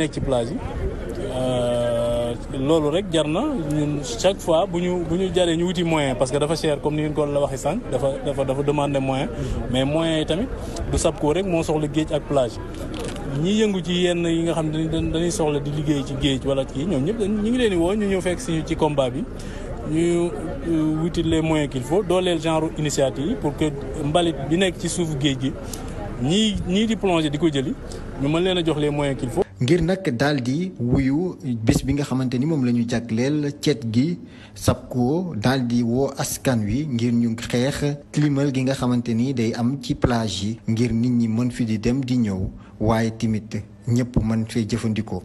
nekk ci plage yi euh, loolu rek jar na ñun chaque fois bu ñu bu ñu jaree ñu wuti moyen parce que dafa cher comme ni ngeen ko la waxee sànq dafa dafa dafa demander moyen mais moyen yi tamit du SAPCO rek moo soxla géej ak plage ñi yëngu ci yenn yi nga xam ne dañuy soxla di liggéey ci géej wala kii ñoom ñëpp ñu ngi leen di woo ñu ñëw fekk si ci combat bi ñu euh, wuti les moyens qu'il faut dooleel genre initiative pour que mbalit bi nekk ci suuf géej gi ñii ñii di plonger di ko jëli ñu mën leen jox les moyens qu'il ngir nag daal di wuyu bés bi nga xamante ni moom la ñu jagleel cet gi SAPCO daal di woo askan wi ngir ñu xeex climat gi nga xamante ni day am ci plage yi ngir nit ñi mën fi di dem di ñëw waaye timit ñëpp mën fee jëfandikoo.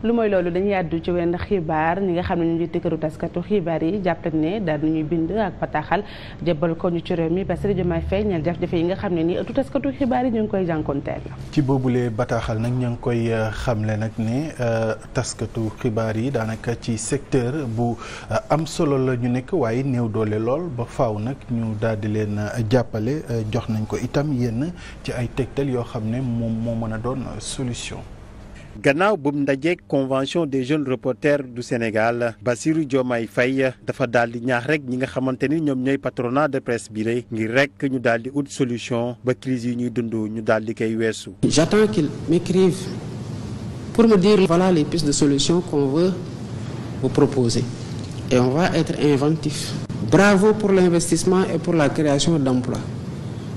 lu mooy loolu dañuy àddu ci wenn xibaar ñi nga xam ne ñu ngi tëkkëru taskatu xibaar yi jàpp ne daal ñuy bind ak bataaxal jëbal ko ñu ci réew mi que Diomaye Faye ñeel jafe-jafe nga xam ne nii ëttu taskatu xibaar yi ñu ngi koy jànkonteel ci bataaxal nag ñu ngi koy euh, xamle nag ne euh, taskatu xibaar yi daanaka ci secteur bu euh, am solo la ñu nekk waaye néew doole lool ba faaw nag ñu daal di leen jàppale jox nañ ko itam yenn ci ay tegtal yoo xam ne moom moo mën a doon solution gannaaw bu mu ndajeek convention des jeunes reporters du Sénégal Bassirou ay fay dafa daal di ñaax rek ñi nga xamante ni ñoom ñooy patronat de presse bi rek ngir rek ñu daal di ut solution ba crise yi ñuy dund ñu daal di koy weesu. j'attends qu'il m'écrive pour me dire voilà les pistes de solution qu'on veut vous proposer et on va être inventif. bravo pour l'investissement et pour la création d'emplois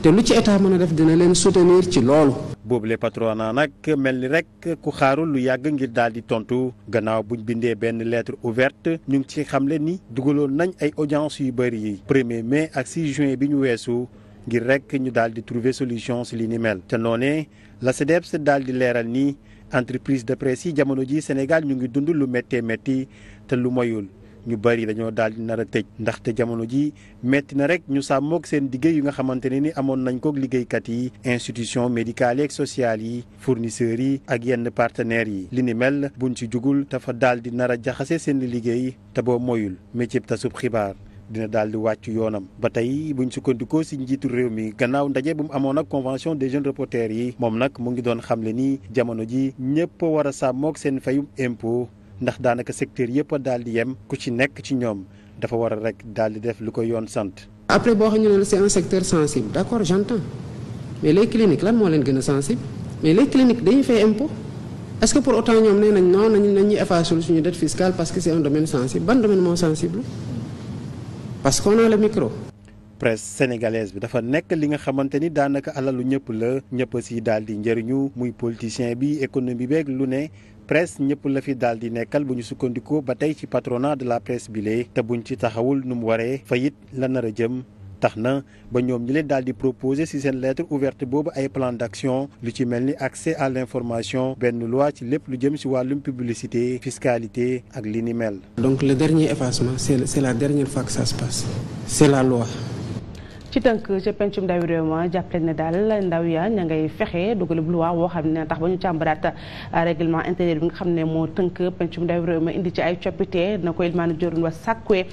te lu ci état mën a def dina leen soutenir ci loolu. boobule patronat nag mel ni rek ku xaarul lu yàgg ngir daal di tontu gannaaw buñ bindee benn lettre ouverte ñu ngi ci xamle ni dugaloon nañ ay audience yu bëri yi premier mai ak 6 juin bi ñu weesu ngir rek ñu daal di trouver solution si li ni mel te noonee la CDEPS daal di leeral ni entreprise de presse yi jamono ji Sénégal ñu ngi dund lu méttee métti te lu moyul ñu bari dañoo daal di nar a tëj ndaxte jamono ji metti na rek ñu sàmmook seen liggéey yu nga xamante ne ni amoon nañ kook liggéeykat yi institution médicale yeeg sociale yi fournisseurs yi ak yenn partenaires yi li ni mel buñ ci jugul dafa daal di nar a jaxase seen liggéey te boo moyul métier tasub xibaar dina daal di wàccu yoonam ba tey buñ sukkandikoo si njiitu réew mi gannaaw ndaje bu mu amoon ak convention des jeunes reporters yi moom nag mu ngi doon xamle ni jamono ji ñëpp a war a sàmmoog seen fayum impôt ndax daanaka secteur yëpp a daal di yem ku ci nekk ci ñoom dafa war a rek daal di def lu ko yoon sant. après boo xam ne la c'est un secteur sensible d'accord j'entends mais les cliniques lan moo leen gën a sensible mais les cliniques dañuy fay impôt est-ce que pour autant ñoom nee nañ non nañu nañu effacer suñu dette fiscale parce que c'est un domaine sensible ban domaine moo sensible parce que a le micro. presse sénégalaise bi dafa nekk li nga xamante ni daanaka alalu ñëpp la ñëpp si daal di njëriñu muy politicien bi économie beeg lu ne presse ñëpp la fi daal di nekkal bu ñu sukkandikoo ba tey ci patronat de la presse bi lee te buñ ci taxawul nu mu waree fayit it la nar a jëm tax na ba ñoom ñi leen daal di proposer ci seen lettre ouverte boobu ay plan d'action lu ci mel ni accès à l'information benn loi ci lépp lu jëm ci wàllum publicité fiscalité ak li ni mel. donc le dernier effacement c'est c'est la dernière fois la loi. ci tënk ca pencum ndawi réew ma jàppale ne daal ndaw ya ña ngay fexe dugalub loi woo xam ne tax ba ñu càmbaraat règlement intérieur bi nga xam ne moo tënk pencum ndawi réew ma indi ci ay coppite na ko ilmaana jorun wa sàkkwe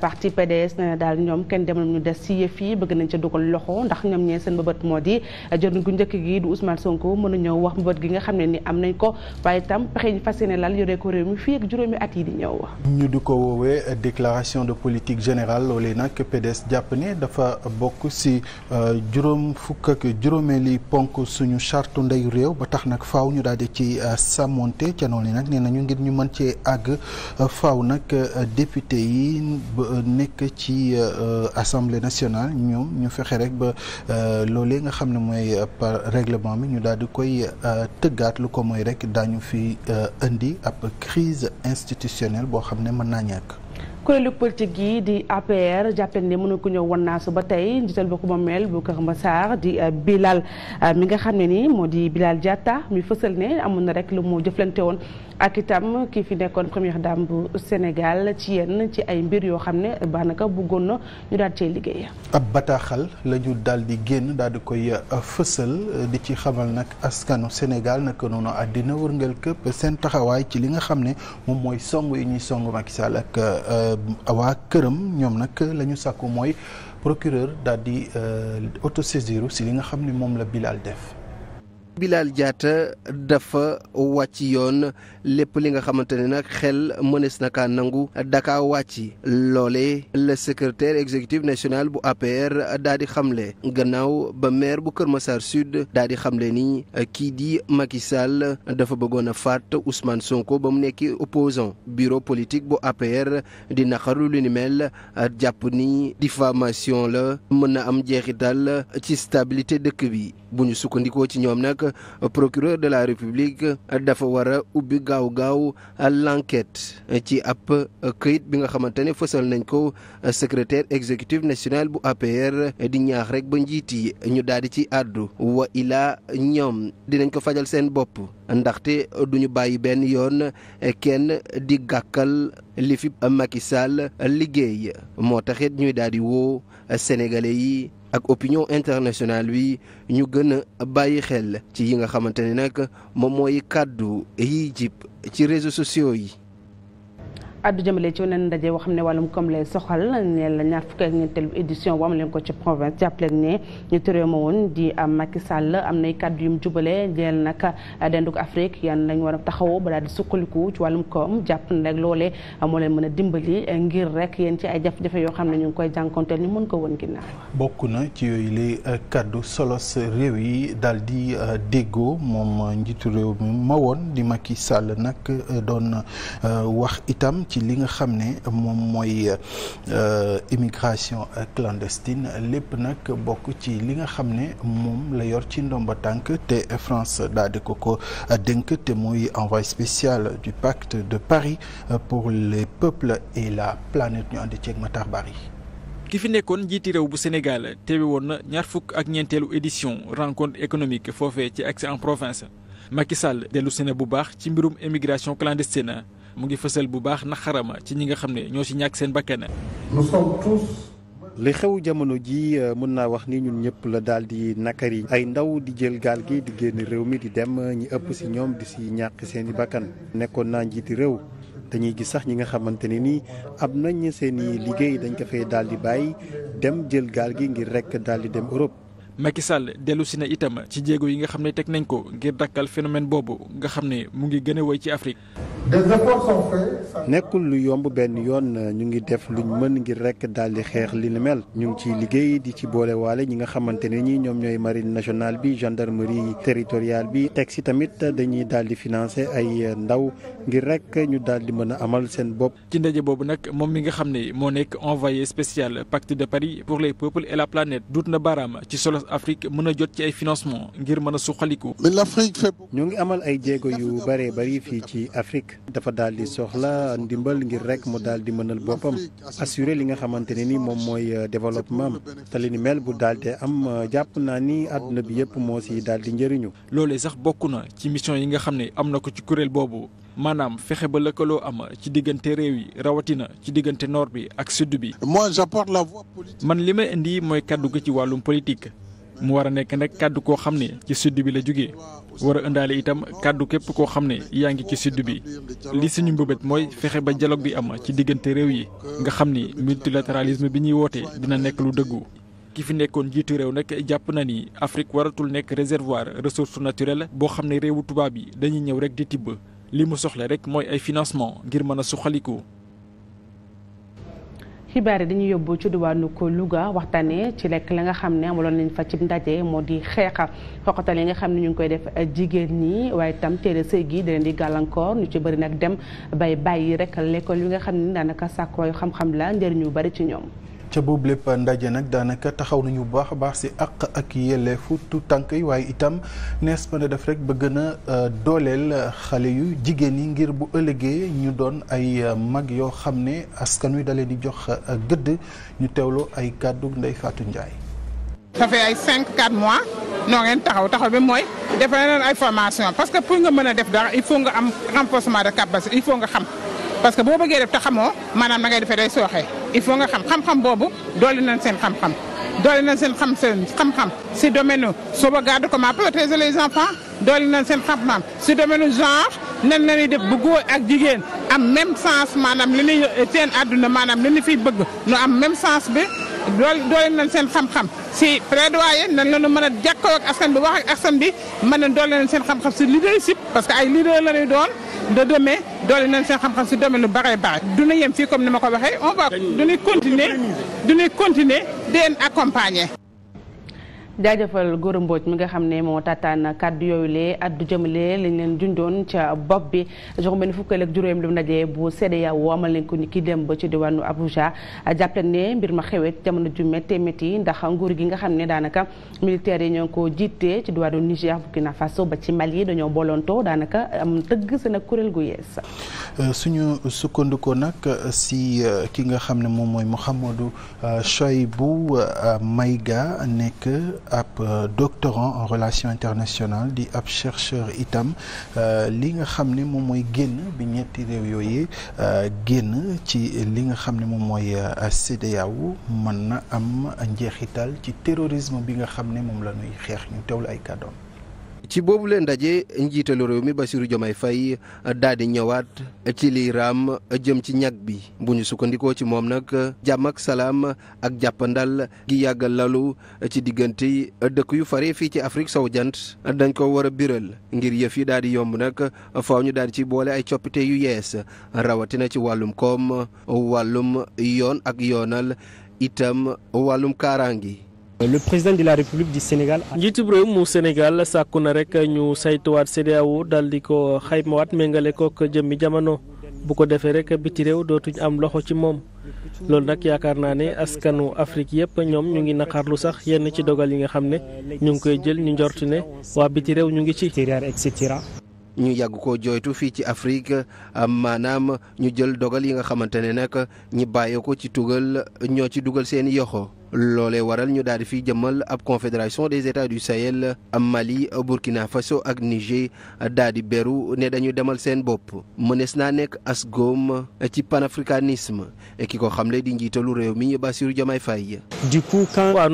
parti PDS ne daal ñoom kenn demal ñu des si yëf yi bëgg nañ ca dugal loxo ndax ñoom ñee seen mbëbët moo di jorun gu njëkk gi du Ousmane Sonko mën a ñëw wax mbëbët gi nga xam ne ni am nañ ko waaye itam pexe ñu fas yéene lal yoree ko réew mi fii ak juróomi at yi di ñëw ñu di ko woowee déclaration de politique générale loolee nag PDS jàpp ne dafa bokk si euh, juróom fukk ak juróomeeli ponk suñu chartu ndeyu réew ba tax nag faw ñu daal di ci euh, sàmmonte ca noonu nag nee nañu ngir ñu mën cee àgg euh, faw nag député yi nekk ci assemblée nationale ñoom ñu fexe rek ba loolee nga xam ne mooy par règlement bi ñu daal di koy tëggaat lu ko mooy rek daañu fi indi ab crise institutionnelle boo xam ne mën naa ñàkk. kuréelu politique yi di APR jàppale ne mënu ko ñëw wan naa su ba tey njiital ko ma mel bu ma Massar di euh, Bilal euh, mi nga xam ne ni moo di Bilal Diatta muy fësal ne amoon na rek lu mu jëflante woon ak itam kii fi nekkoon première dame bu Sénégal ci yenn ci ay mbir yoo xam ne daanaka bëggoon na ñu daal cee liggéey. ab bataaxal la ñu daal di génn daal di koy euh, fësal euh, di ci xamal nag askanu Sénégal naka noonu àddina wërngal këpp seen taxawaay ci li nga xam ne moom mooy song yi ñuy song Macky Sall ak euh, waa këram ñoom nag lañu ñu sàkku mooy procureur daal di autosaisir si li nga xam ne moom la Bilal def. Bilal Diatta dafa wàcc yoon lépp li nga xamante ne nag xel mënees na kaa nangu daka wàcc loole la secrétaire exécutif national bu APR daa di xamle gannaaw ba maire bu Kër masar Sud daa di xamle ni kii di Macky Sall dafa bëggoon a faat Ousmane ba mu nekk opposant bureau politique bu APR di naqaru lu ni mel jàpp ni diffamation la mën na am jeexi jeexital ci stabilité dëkk bi bu ñu sukkandikoo ci ñoom nag. procureur de la république dafa war a ubbi gaaw-gaaw l'enquête ci ab këyit bi nga xamante ne fësal nañ ko secrétaire exécutif national bu APR di ñaax rek ba njiit yi ñu daal di ci àddu wa ilaa ñoom dinañ ko fajal seen bopp ndaxte duñu bàyyi benn yoon kenn di gàkkal li fi Macky Sall liggéey moo taxit ñuy daal di woo sénégalais yi ak opinion international bi ñu gën a bàyyi xel ci yi nga xamante ne nag moom mooy kàddu yi jib ci réseau sociaux yi addu jëmale ci weneen ndaje woo xam ne wàllum comme lay soxal ne la ñaar fukki ak édition bu am leen ko ci province jàppale ne ñu tëree ma woon di Macky Sall am nay kàddu yu mu jubale jël nag denduk Afrique yan lañ war a taxawoo ba di sukkaliku ci wàllum koom jàpp na rek moo leen mën a dimbali ngir rek yéen ci ay jafe yoo xam ne ñu ngi koy jànkonteel ñu mën ko woon ginnaaw. bokk na ci yooyu li kàddu solos réew yi daal di euh, déggoo moom njiitu réew mi ma woon di Macky Sall nag euh, doon euh, wax itam. ci li nga xam ne moom mooy euh, immigration clandestine lépp nag bokk ci li nga xam ne moom la yor ci ndomba tànk te France daal di ko ko euh, dénk te mooy envoyé spécial du pacte de Paris euh, pour les peuples et la planète ñu ànd ceeg Matar Bari yi ki fi nekkoon njiiti réew bu Sénégal teewe woon na ñaar fukk ak ñeenteelu édition rencontre économique foofee ci accès en province Macky Sall dellu si na bu baax ci mbirum immigration clandestine mu ngi fësal bu baax naqarama ci ñi nga xam ne ñoo si ñàkk seen bakkan. nous sommes tous. li xew jamono ji euh, mën naa wax ni ñun ñëpp la daal di yi ay ndaw di jël gaal gi di génn réew mi di dem ñi ëpp si ñoom di si ñàkk seen i bakkan nekkoon naa njiiti réew dañuy gis sax ñi nga xamante ni nii am nañ seen i liggéey dañ ko fay daal di bàyyi dem jël gaal gi ngir rek daal di dem Europe. Macky Sall dellu si na itam ci jéego yi nga xam ne teg nañ ko ngir dakkal phénomène boobu nga xam ne mu ngi gën a woy ci nekkul lu yomb benn yoon ñu ngi def luñ mën ngir rek daal di xeex li ni mel ñu ngi ciy liggéey di ci boolewaale ñi nga xamante ne ñi ñoom ñooy marine nationale bi gendarmerie territoriale bi teg si tamit dañuy daal di financer ay ndaw ngir rek ñu daal di mën a amal seen bopp. ci ndaje boobu nag moom mi nga xam ne moo nekk envoyé spécial pacte de Paris pour les peuples et la planète duut na baaraam ci solo Afrique mën a jot ci ay financement ngir mën a suqaliku. ñoo ngi amal ay jéego yu bëree bëri fii ci Afrique. dafa daal di soxla ndimbal ngir rek mu daal di mënal boppam assurer li nga xamante ne ni moom mooy euh, développement am ni mel bu daal di am euh, jàpp naa ni àdduna bi yëpp moo si daal di njëriñu. loolee sax bokk na ci mission yi nga xam ne am na ko ci kuréel boobu maanaam fexe ba lëkkaloo am ci diggante réew yi rawatina ci diggante noor bi ak sud bi. man li may indi mooy kàddu gi ci wàllum politique. mu war a nekk nag kàddu koo xam ne ci sud bi la jógee war a ëndaale itam kàddu képp koo xam ne yaa ngi ci sud bi li suñu mbëbët mooy fexe ba dialogue bi am ci diggante réew yi nga xam ni multilatéralisme bi ñuy woote dina nekk lu dëggu. ki fi nekkoon jiitu réew nag jàpp na ni Afrique waratul nekk reservoir ressource naturelle boo xam ne réewu tubaab yi dañuy ñëw rek di tibb li mu soxla rek mooy ay financement ngir mën a suqaliku. xibaar yi dañuy yóbbu ci diwaanu ko luga waxtaanee ci lekk la nga xam ne amaloon lañu fa ci ndaje moo di xeexa xoqatal yi nga xam ne ñu ngi koy def eh, jigéen ñi waaye tam teel a sëy gi da di gàllankoor ñu ci bëri nag dem bay bàyyi rek l'école yi nga xam ne daanaka sàkkooyu xam-xam la njëriñu bari ci ñoom. ca boobu lépp ndaje nag daanaka taxaw nañu bu baax a baax si àq ak yelleefu tu tànk yi waaye itam nees mën a def rek ba gën a euh, dooleel xale yu jigéen yi ngir bu ëllëgee ñu doon ay euh, mag yoo xam ne askan wi da leen di jox euh, gëdd ñu teewlu ay kàddu ndey Fatou Ndiaye. ça fait ay 5 4 mois noo ngeen taxaw taxaw bi mooy defal leen ay formation parce que pour nga mën a def dara il faut nga am renforcement de il faut nga xam. parce que boo bëggee def te xamoo maanaam na ngay defee day sooxee il faut nga xam xam-xam boobu doole nañ seen xam-xam doole nañ seen xam seen xam-xam si domaine sauvegarde comment protéger les enfants doole seen xam-xam si domaine genre nan la ñuy def ak jigéen am même sens maanaam li ñuy seen àdduna maanaam li ni fiy bëgg nu am même sens bi doole doole nañ seen xam-xam si plaidoyer nan la ñu mën a jàkkoo ak askan bi wax ak askan bi mën na doole nañ seen xam-xam si leadership parce que ay leader la ñuy doon. de demain doole nañ seen xam-xam si domaine lu bare bare du ñu yem fii comme ni ma ko waxee on va du ñu continuer du ñu continuer di leen accompagner. jaajëfal Gora Mbodj mi nga xam ne moo taataan kàddu yooyu lee addu jëmale lañ leen jundoon ca bopp bi jox benn fukkeel ak juróom lu ndaje bu CEDEAO amal nañ ko ni ki dem ba ci diwaanu Abuja jàpp ne mbir ma xewet jamono ju méttee métti ndax nguur gi nga xam ne daanaka militaires yi ñoo ngi ko jiitee ci diwaanu Niger Burkina Faso ba ci Mali dañoo bolontoo daanaka am tëgg seen ak kuréel gu euh, suñu sukkandikoo nag euh, si euh, ki nga xam ne moom mooy Mouhamadou Choibou Maïga nekk. ab euh, doctorant en relation internationales di ab chercheur itam euh, li nga xam ne moom mooy génn bi ñetti réew yooyu euh, génn ci li nga xam ne moom mooy CEDEAO mën na am njeexital ci terrorisme bi nga xam ne moom la ñuy xeex ñu teewlu ay kàddoom. ci boobu leen ndaje njiitalu réew mi Bassirou Diomaye Faye daal di ñëwaat ci liy raam jëm ci ñag bi bu ñu sukkandikoo ci moom nag jàmm ak salaam ak jàppandal gi yàggal lalu ci diggante dëkk yu fare fii ci Afrique sowu jant dañ ko war a biral ngir yëf yi daal di yomb nag faaw ñu daal di ci boole ay coppite yu yees rawatina ci wàllum koom wàllum yoon ak yoonal itam wàllum kaaraangi Euh, le président de la république du Sénégal. njiitub réew mu Sénégal sàkku na rek ñu saytuwaat CEDEAO dal di ko xaymawaat méngale kook jëmmi jamono bu ko defee rek biti réew dootuñ am loxo ci moom loolu nag yaakaar naa ne askanu Afrique yëpp ñoom ñu ngi naqarlu sax yenn ci dogal yi nga xam ne ñu ngi koy jël ñu njortu ne waa biti réew ñu ngi ci. et cetera. ñu yàgg koo jooytu fii ci Afrique maanaam ñu jël dogal yi nga xamante ne nag ñi bàyyi ko ci tugal ñoo ci dugal seen yoxo loole waral ñu daal di fi jëmal ab confédération des états du am Mali Burkina Faso ak Niger daal di beru ne dañuy demal seen bopp mënees naa nekk as góom ci panafricanisme ki ko xamle di njiitalu réew mi Bassirou Diomaye Faye. du coup quand waaw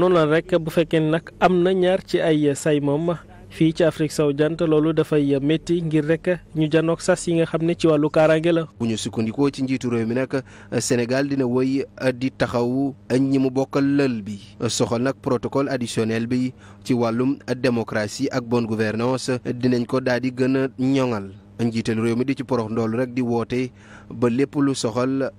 bu fekkee nag am na ñaar ci ay say moom fii ci Afrique sowu jant dafa dafay métti ngir rek ñu janook sas yi nga xam ne ci wàllu kaaraange la. bu ñu sukkandikoo ci njiitu réew mi nag Sénégal dina woy di taxaw ñi mu bokkal lël bi soxal nag protocole additionnel bi ci wàllum démocratie ak bon gouvernance dinañ ko daal di gën a ñoŋal njiital réew mi di ci porox ndool rek di woote ba lépp lu soxal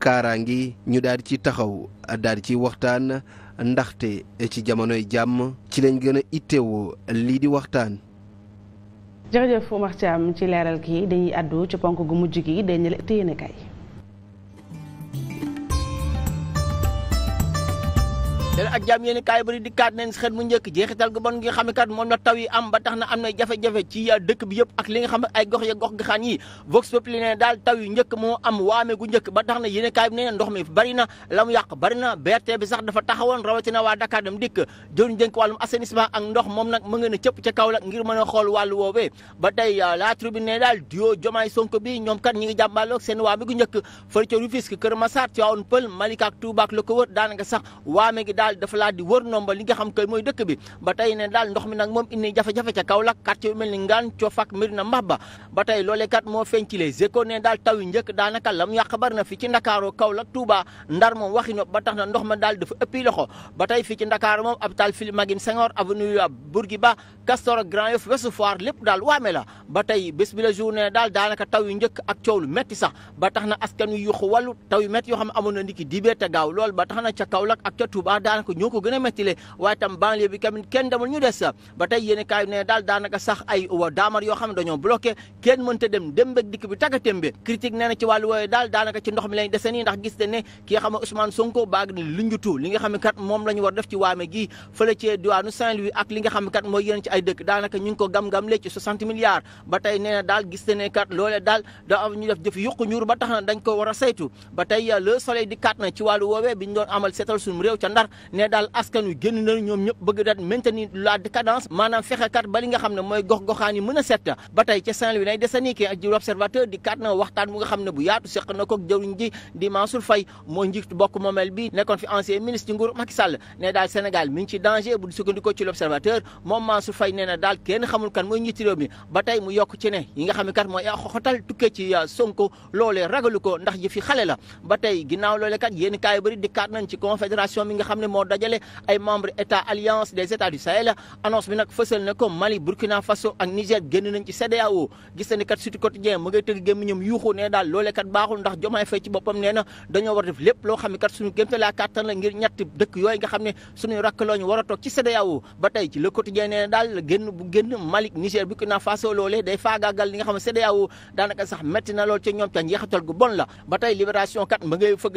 kaaraangi ñu daal di ci taxaw daal di ci waxtaan. ndaxte ci jamonoy jàmm ci lañ gën a ittewoo lii di waxtaan. jërëjëf Oumar Thiam ci leeral kii dañuy àddu ci ponk gu mujj gi dañu la téye kay. seen ak jàmm yéen kaay bëri dikkaat nañ mu njëkk jeexital gu bon gi nga xam moom la taw am ba na am na jafe-jafe ci ah, dëkk bi yëpp ak li xam ne ay gox ya gox yi vox populi ne daal taw yu njëkk moo am waame gu njëkk ba tax na yéen kaay bi nee na ndox mi bari na la mu yàq bari na BRT bi sax dafa taxawoon rawatina waa Dakar dem dikk jëruñ dénk wàllum assainissement ak ndox moom nag mu ngeen a cëpp ca Kaolack ngir a xool wàllu woowee ba tey ah, la tribune daal duo Jomaay Sonko bi ñoom kat ñi ngi jàmbaaloog seen waame gu njëkk fële ca Rufisque Kër Massar Tivaouane Peulh Malika ak Touba ak la ko daal dafa laal di wër ndomba li xam koy mooy dëkk bi ba tey ne daal ndox mi nag moom indi jafe-jafe ca Kaolack quartier kat na fi ci Ndakaaru Kaolack Touba Ndar moom waxi no ba tax na ndox ma daal dafa ëppi loxo ba tey fii la ba tey bés bi la ba tax na askan yu yuxu wàllu taw yu metti yoo xam ne amoon na ndiki dibee te gaaw loolu ca Kaolack ak daanaka ñoo ko gën a méttile waaye tam tamit kenn nga xam ne na da am ñu def jëf yuqu ñuur ba tax na dañ ko war a saytu ci wàllu woowee bi ñu amal seetal suñu réew ca Ndar ne daal askan wi génn nañu ñoom ñëpp bëgg daal maintenir la décadence maanaam fexe kat ba nga xam ne mooy gox-goxaan yi mën a set ba tey ne bu yaatu seq na ko jawriñ ji di Mansour Faye moo njiit bokk moomeel bi nekkoon fi ancien ministre ci nguuru Macky Sall ne daal ci danger bu di sukkandikoo ci l'observateur moom Mansour Faye nee na daal kenn xamul kan mooy njiit réew mi ba tey mu yokk ci ne yi nga xam mooy xoxotal tukkee ci uh, Sonko loolee ragalu ko ndax ji fi xale la ba tey ginnaaw loolee kat yéen kaay di kat nañ ci confédération mi nga xam moo dajale ay membres état alliance des états du Sahel annonce bi nag fësal na ko Mali Burkina Faso ak Niger génn nañ ci CEDEAO gis nañ kat Sud Quotidien mu ngay tëgg gémmiñam yuuxu ne daal loolee kat baaxul ndax Diomaye Faye boppam nee na dañoo war def lépp loo xam ne kat rakk looñu war a toog ci CEDEAO ba tey ci Le Quotidien nee na daal génn bu Niger Burkina Faso loolee day faagaagal li nga xam ne CEDEAO daanaka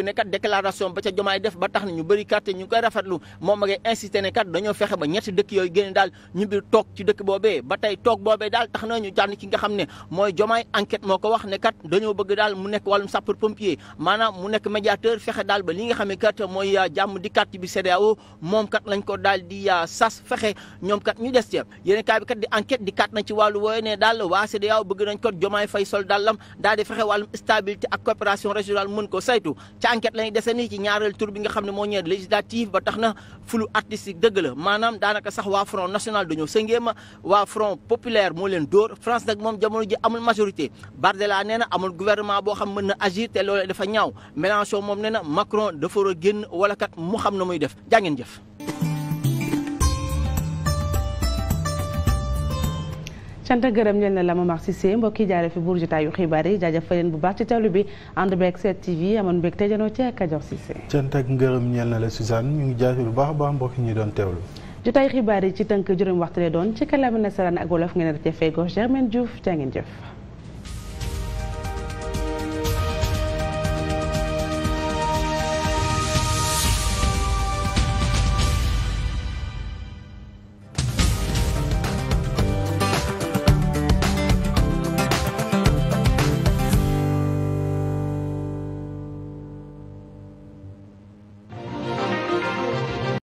ne kat déclaration ba na ñu a rafetlu moom ma ngay insisté ne kat dañoo fexe ba ñetti dëkk yooyu génne daal ñu biir toog ci dëkk boobee ba tey toog boobee daal tax na jànn ci nga xam ne mooy jomaay enquête moo ko wax ne kat dañoo bëgg daal mu nekk wàllum sapeur pompier maanaam mu nekk médiateur fexe daal ba li nga xam kat mooy euh, jàmm di kat bi CEDEAO moom kat lañ ko daal di euh, sas fexe ñoom kat ñu des ca yéen kaay kat di enquête di kat nañ ci wàllu wooye ne daal ba tax na fu flou artistique dëgg la maanaam daanaka sax waa front national dañoo sëngeema waa front populaire moo leen dóor France nag moom jamono ji amul majorité Bardella nee na amul guvernement boo xam mën na agir te loolee dafa ñaaw Mélenchon moom nee na Macron dafa war a génn wala kat mu xam na muy def jàngeen ngeen jëf cant ak gërëm ñel na la ma Mar Cissé mbokki jaare fi buur jotaayu xibaar yi jaajëfal leen bu baax ci teewlu bi ànd beeg 7TV amoon mbég te janoo ci ak Kajoor Cissé cant ak gërëm ñel na la Suzanne ñu ngi jaajëfal bu baax a baax mbokki ñi doon teewlu jotaay xibaar yi ci tënk juróom waxtu lay doon ci kàllaama nasaraan ak wolof ngeen rëcc feegoo Germaine Diouf jaa ngeen jëf